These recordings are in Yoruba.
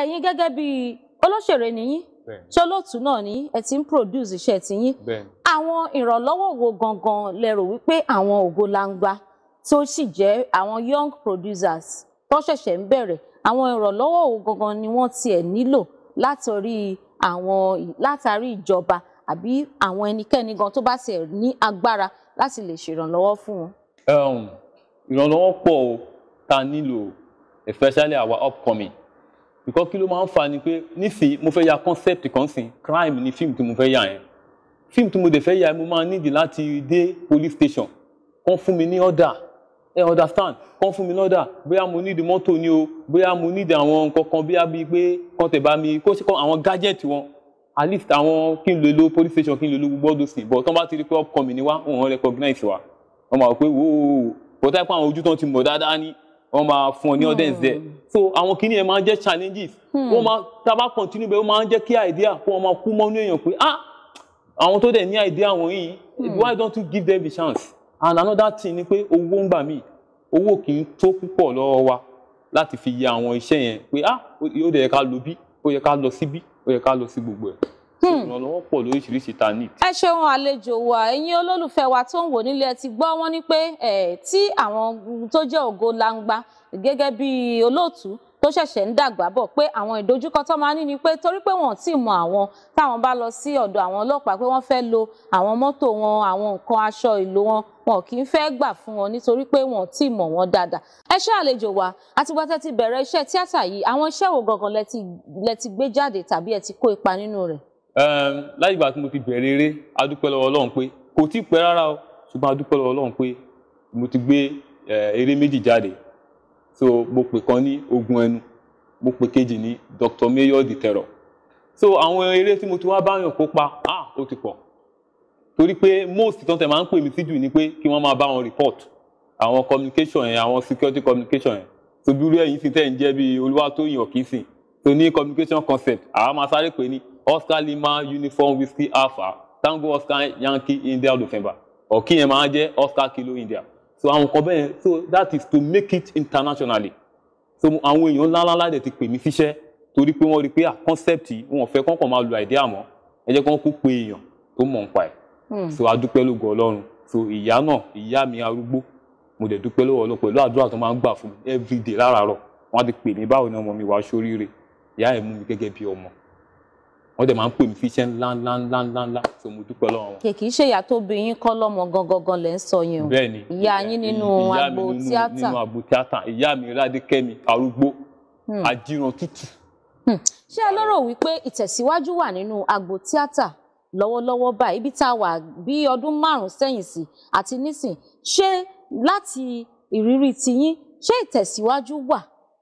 ẹ̀yin gẹ́gẹ́ bí olóṣèré nìyí ṣé olóòtú náà ni ẹ ti ń produce iṣẹ́ tiyín àwọn ìrànlọ́wọ́ wo gangan lẹ́rò wípé àwọn ògo langba tó sì jẹ́ àwọn young producers tó ṣẹ̀ṣẹ̀ ń bẹ̀rẹ̀ àwọn ìrànlọ́wọ́ wo gangan ni wọ́n tiẹ̀ nílò látọrí àwọn látàrí ìjọba àbí àwọn ẹnikẹ́ni gan tó bá tiẹ̀ ní agbára láti lè ṣèrànlọ́wọ́ fún wọn. ìrànlọ́wọ́ pọ̀ ta nílò especially our upcoming because kí ló máa ń fa ni pé nísìnyí mo fẹ́ ya concept kan sìn crime ni fíìmù tí mo fẹ́ ya yẹn fíìmù tí mo dẹ̀ fẹ́ ya yẹn mo máa nídìí láti dé police station kán fún mi ní ọ̀dà ẹ understand kán fún mi ní ọ̀dà bóyá mo nídìí mọ́tò ni o bóyá mo nídìí àwọn nǹkan kan bóyá bíi pé kán tẹ̀ bá mi kó ṣe kán àwọn gadget wọn at least àwọn kí n lè lo police station kí n lè lo gbogbo ọdún sìn but tán bá ti rí pé upcoming ni wá wọn recognize wa wọn máa rò pé wóò wò ó bọ́tá ẹ̀ pé àwọn ojú tán ti mọ̀ dáadáa ni wọ́n máa fún ọ ní audience there hmm. so àwọn kìíní yẹn máa ń jẹ́ challenges hmm. wọ́n máa tábà continue bẹ́ẹ̀ wọ́n máa ń jẹ́ kí idea kó wọ́n máa kú mọ́nú èèyàn pé ah àwọn tó dẹ̀ ní idea àwọn yìí hmm. why don't you give them the chance and another thing ni pé owó ń gbà mí owó kì í tó púpọ̀ lọ́wọ́ wa láti fi yẹ àwọn iṣẹ́ yẹn pé ah ó yẹ ká lọ bí ó yẹ ká lọ síbí ó yẹ ká lọ sí gbogbo ẹ̀ ìrànlọ́wọ́ hmm. pọ̀ lóríṣiríṣi ta ní. ẹ ṣeun àlejò wa ẹ̀yin olólùfẹ́ wa tó ń wò nílé ẹ ti gbọ́ wọ́n ní pé tí àwọn tó jẹ́ ògo langba gẹ́gẹ́ bí olóòtú tó ṣẹ̀ṣẹ̀ ń dàgbà bọ̀ pé àwọn ìdojúkọ tó máa ní ni pé torí pé wọn ò tí ì mọ àwọn táwọn bá lọ sí ọ̀dọ̀ àwọn ọlọ́pàá pé wọ́n fẹ́ lo àwọn mọ́tò wọn àwọn nǹkan aṣọ ìlò wọn wọn kì í fẹ́ gbà fún wọn nítorí pé wọn ò mọ̀ wọ́n dáadáa. ẹ ṣe àlejò wa àtìgbà ti bẹ̀rẹ̀ iṣẹ́ tíátà yìí àwọn iṣẹ́ wo gangan lẹ ti gbé jáde tàbí ẹ ti kó ipa nínú rẹ̀? láti ìgbà tí mo ti bẹ̀rẹ̀ eré adúpẹ́ lọ́wọ́ ọlọ́run pé kò tí pẹ́ rárá o ṣùgbọ́n adúpẹ́ lọ́wọ́ ọlọ́run pé mo ti gbé eré méjì jáde so mo pè kan ní ogun ẹnu mo pè kejì ní Dr. Mayor the Terror so àwọn eré tí mo ti wá báyàn kópa ah ó ti pọ̀ torí pé most tán tẹ̀ máa ń pè mí sí jù ni pé kí wọ́n máa bá wọn report àwọn communication yẹn àwọn security communication yẹn so bí irú ẹ̀yìn sì tẹ̀ ń jẹ́ bí Olúwatóyìn Ọ̀kínsìn so ní communication concept àwa máa sáré pè ní Oscar Lima Uniform Whiskey Alpha Tango Oscar Yankee India November or kí Oscar Kilo India so àwọn kan bẹ́ẹ̀ so that is to make it internationally so àwọn èèyàn ńláńlá dẹ̀ ti pè mí síṣẹ́ torí pé wọ́n rí pé ah concept yìí wọn ò fẹ́ kọ́kàn máa lo àìdí àmọ́ ẹ jẹ́ kí wọ́n kó pe èèyàn tó mọ̀ nípa ẹ̀ hmm. so a dúpẹ́ lógo Ọlọ́run so ìyá náà ìyá mi arúgbó mo dẹ̀ dúpẹ́ lọ́wọ́ Ọlọ́run pẹ̀lú àdúrà tó máa ń gbà fún mi everyday láràárọ̀ wọ́n á ti pè mí báwo ni ọmọ mi wàá ṣoríire ìyá ẹ̀ mú mi gẹ́gẹ́ bí ọmọ wọ́n dẹ̀ máa ń pè mí fíṣẹ́ ńlá ńlá ńlá ńlá ńlá tó mo dúpẹ́ lọ́wọ́ wọn. ṣe ìyá tó bí yín kọ́ lọ́mọ gangan lẹ́ ń sọ yẹn o bẹ́ẹ̀ ni ìyá yín nínú agbo tíátà nínú agbo tíátà ìyá mi Ládékẹ́mi arúgbó hmm. ajíran tútù. Hmm. ṣé ẹ lọ́rọ̀ wípé ìtẹ̀síwájú wà nínú agbo tíátà lọ́wọ́lọ́wọ́ báyìí ibi tá a wà bí ọdún márùn-ún sẹ́yìn sí àti nísìn ṣé láti ìrírí tiyín ṣé ìtẹ̀síwájú wà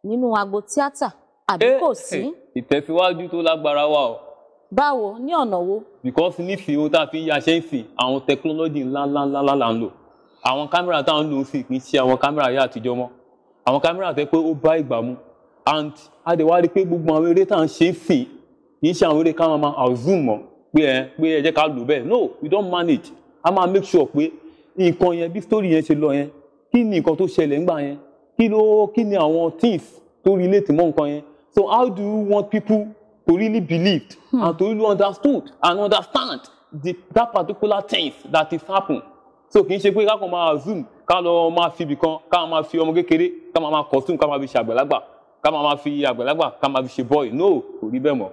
nínú agbo tíátà àbí eh, kò sí. Eh, ìtẹ̀síwájú tó lágbára wà o báwo ní ọ̀nà wo. because nísìnyí ohun tá a fi ń yaṣẹ́ ìsìn àwọn tẹkinọ́lọ́jì ńláńláńlá là ń lò àwọn kámẹ́rà tá à ń lò ó sì kì í ṣe àwọn kámẹ́rà ayé àtijọ́ mọ́ àwọn kámẹ́rà tẹ́ pé ó bá ìgbà mu and adéwà rí i pé gbogbo àwọn eré tá à ń ṣe ń sìn kì í ṣe àwọn eré káwọn máa zoom mọ́ pé ẹ pé ẹ jẹ́ ká lò bẹ́ẹ̀ no we don't manage a máa make sure pé nǹkan yẹn bí story yẹn ṣe lọ yẹn kí ni nǹkan tó ṣẹlẹ̀ ńgbà yẹn kí ló kí ni àwọn things tó relate mọ́ nǹkan yẹn so how do you want people to really believe hmm. and to really understood and understand the, that particular things that is happen so kì í ṣe pé kákan máa zoom ká lọ máa fi ibì kan ká máa fi ọmọ kékeré ká máa máa costume ká máa fi ṣe àgbàlagbà ká máa máa fi àgbàlagbà ká máa fi ṣe boy no kò rí bẹ́ẹ̀ mọ́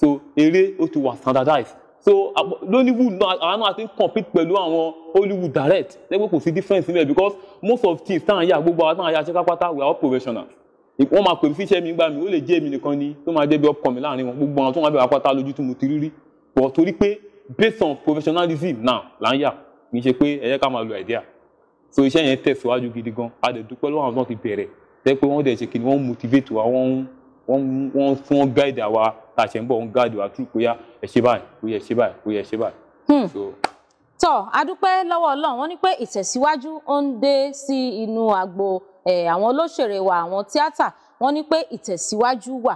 so eré ó ti wà standardized so lóníwùd náà àwọn náà ti ń compete pẹ̀lú àwọn Hollywood direct lẹ́gbẹ̀ẹ́ kò sí difference níbẹ̀ because most of things táwọn ya gbogbo àwọn táwọn ya ṣe pápátá we are all professionals wọ́n máa pè mí fíṣẹ́ mi gbà mí ó lè jẹ́ èmi nìkan ni tó máa débi ọkọ̀ mi láàrin wọn gbogbo àwọn tó máa bẹ̀rẹ̀ apáta lójú tó mo ti rírí but torí pé based on professionalism now là ń yà kì í ṣe pé ẹ̀yẹ́ ká máa lo idea so iṣẹ́ yẹn tẹ̀síwájú gidi gan a dẹ̀ dúpẹ́ lọ́wọ́ àwọn tó ti bẹ̀rẹ̀ tẹ́ pé wọ́n dẹ̀ ṣe kìnnìún wọ́n motivate wa wọ́n wọ́n fún wọn guide àwa tá a ṣe ń bọ̀ wọ́n guide wa tún kóyá ẹ ṣe báyìí kóyá ẹ ṣe báyìí kóyá hmm. tọ́ a dúpẹ́ lọ́wọ́ Ọlọ́run wọ́n ní pé ìtẹ̀síwájú ó ń dé sí inú agbo àwọn olóṣèré wa àwọn tíátà wọ́n ní pé ìtẹ̀síwájú wà.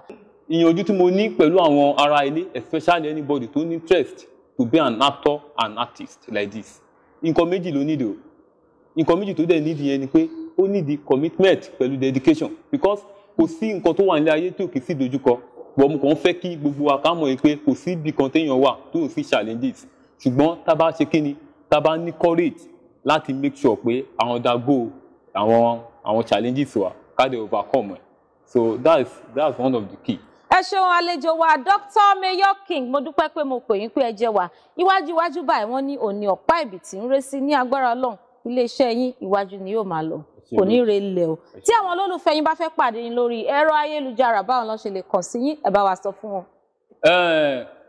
ìyànjú tí mo ní pẹ̀lú àwọn ará ilé especially anybody tó ní interest to be an actor and artist like this nǹkan méjì ló nídìí o nǹkan méjì tó dẹ̀ nídìí yẹn ni pé ó nídìí commitment pẹ̀lú dedication because kò sí nǹkan tó wà nílé ayé tí ò kì í sí dojúkọ bọ̀ mo kàn fẹ́ kí gbogbo wa ká mọ̀ pé kò sí ibì kan téèyàn wà tó ò sí challenges ṣùgbọ́n tá a bá ṣe kí ni tá a bá ní courage láti make sure pé àwọn dàgbò àwọn àwọn challenges wa ká dé overcome ẹ̀ so that's that's one of the key. ẹ ṣeun àlejò wa Dr. Mayor King mo dúpẹ́ pé mo pè yín pé ẹ jẹ́ wa iwájú iwájú báyìí wọ́n ní òní ọ̀pá ìbìtì ń ré sí ní agbára Ọlọ́run iléeṣẹ́ yín iwájú ni yóò máa lọ kò ní re lẹ̀ o tí àwọn olólùfẹ́ yín bá fẹ́ pàdé yín lórí ẹ̀rọ ayélujára báwọn lọ́n ṣe lè kàn sí yín ẹ bá wa sọ fún wọn.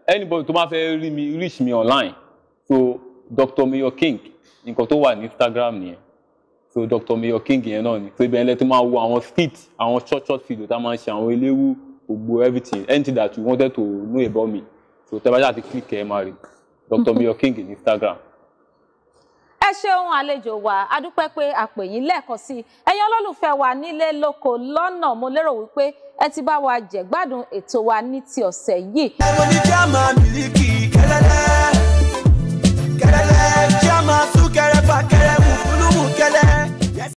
anybody tó bá fẹ́ rí mi reach me online so Dr. Mayor King nǹkan tó wà ní Instagram nìyẹn so Dr. Mayor King yẹn náà ni so ibẹ̀ lẹ́tí máa wo àwọn street, àwọn short short video tá a máa ń ṣe àwọn eléwu ògbó everything anything that you wanted to know about me so tẹ́ bá ṣáà ti click ẹ̀ máa rí Dr. Mm-hmm. Mayor King ní Instagram ẹ ṣeun àlejò wa adúpẹ́ pé a pè yín lẹ́ẹ̀kan sí i ẹ̀yin olólùfẹ́ wa nílé lóko lọ́nà mo lérò wípé ẹ ti bá wa jẹ̀gbádùn ètò wa ní ti ọ̀sẹ̀ yìí. ẹ̀rọ ni kí a máa kẹlẹ́lẹ́.